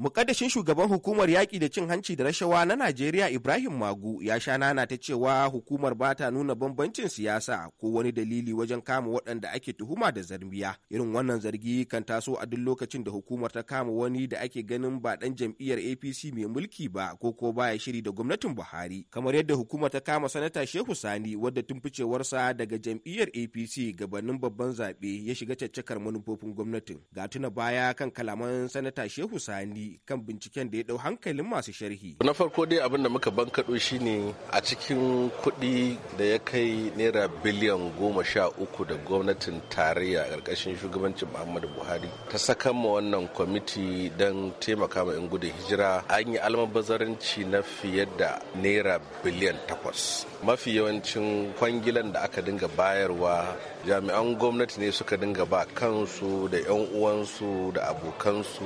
Mukaddashin shugaban hukumar yaƙi da cin hanci da rashawa na Najeriya Ibrahim Magu ya sha nana ta cewa hukumar ba ta nuna bambancin siyasa ko wani dalili wajen kama waɗanda ake tuhuma da zarmiya. Irin wannan zargi kan taso a duk lokacin da hukumar ta kama wani da ake ganin ba ɗan jam'iyyar APC mai mulki ba ko ko baya shiri da gwamnatin Buhari. Kamar yadda hukumar ta kama sanata Shehu Sani wadda tun ficewarsa daga jam'iyyar APC gabanin babban zaɓe ya shiga caccakar manufofin gwamnatin. Ga tuna baya kan kalaman sanata Shehu Sani kan binciken da ya dau hankalin masu sharhi. Na farko dai abin da muka bankaɗo ne a cikin kuɗi da ya kai naira biliyan goma sha uku da gwamnatin tarayya a ƙarƙashin shugabancin Muhammadu Buhari ta saka ma wannan kwamiti don taimaka ma 'yan gudun hijira an yi almabazarinci na fiye da naira biliyan takwas. Mafi yawancin kwangilan da aka dinga bayarwa jami'an gwamnati ne suka dinga ba kansu da 'yan uwansu da abokansu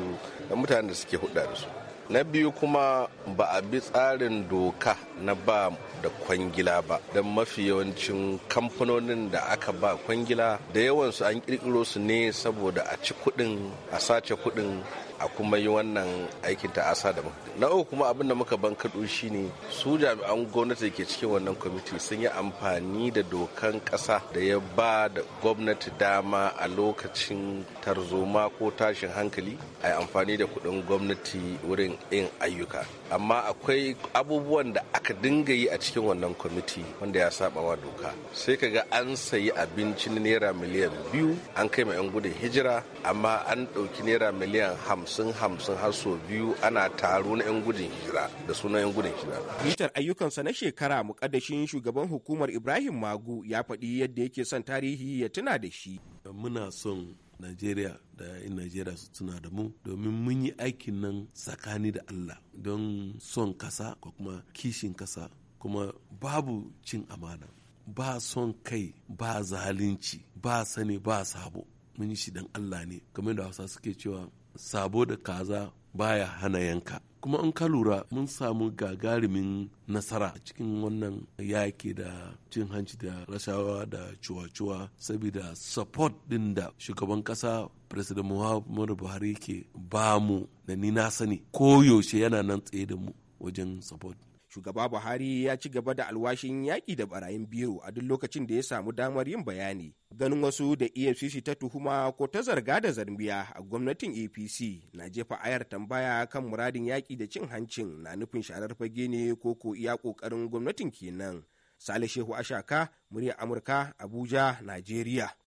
da mutanen da suke ake hudu da su na biyu kuma ba a bi tsarin doka na ba da kwangila ba don mafi yawancin kamfanonin da aka ba kwangila da yawansu an kirkiro su ne saboda a ci kudin a sace kudin a kuma yi wannan aikin asa da muka na uku kuma abin da muka bankaɗo shi ne su jami'an gwamnati ke cikin wannan kwamiti sun yi amfani da dokan ƙasa da ya ba da gwamnati dama a lokacin tarzoma ko tashin hankali a yi amfani da kuɗin gwamnati wurin yin ayyuka amma akwai abubuwan da aka dinga yi a cikin wannan kwamiti wanda ya saba wa doka sai ka ga an sayi abincin naira miliyan biyu an kai ma 'yan gudun hijira amma an ɗauki naira miliyan hamsin hamsin hamsin har sau biyu ana taro na 'yan gudun hijira da sunan 'yan gudun hijira. bitar ayyukansa na shekara mukaddashin shugaban hukumar ibrahim magu ya faɗi yadda yake son tarihi ya tuna da shi. muna son Najeriya da in Najeriya su tuna da mu domin mun yi aikin nan tsakani da Allah don son kasa ko kuma kishin kasa kuma babu cin amana ba son kai ba zalunci ba sani ba sabo mun yi shi dan Allah ne kamar da Hausa suke cewa sabo da kaza baya hana yanka kuma in ka lura mun samu gagarumin nasara cikin wannan yaki da cin hanci da rashawa da cuwa-cuwa saboda support din da shugaban kasa president muhammadu buhari ke ba mu da ni na sani ko yaushe yana nan tsaye da mu wajen support shugaba buhari ya ci gaba da alwashin yaƙi da barayin biro a duk lokacin da ya samu damar yin bayani ganin wasu da efcc ta tuhuma ko ta zarga da zarbiya a gwamnatin apc na jefa ayar tambaya kan muradin yaƙi da cin hancin na nufin sharar fage ne ko ko iya ƙoƙarin gwamnatin kenan sale shehu ashaka murya amurka abuja najeriya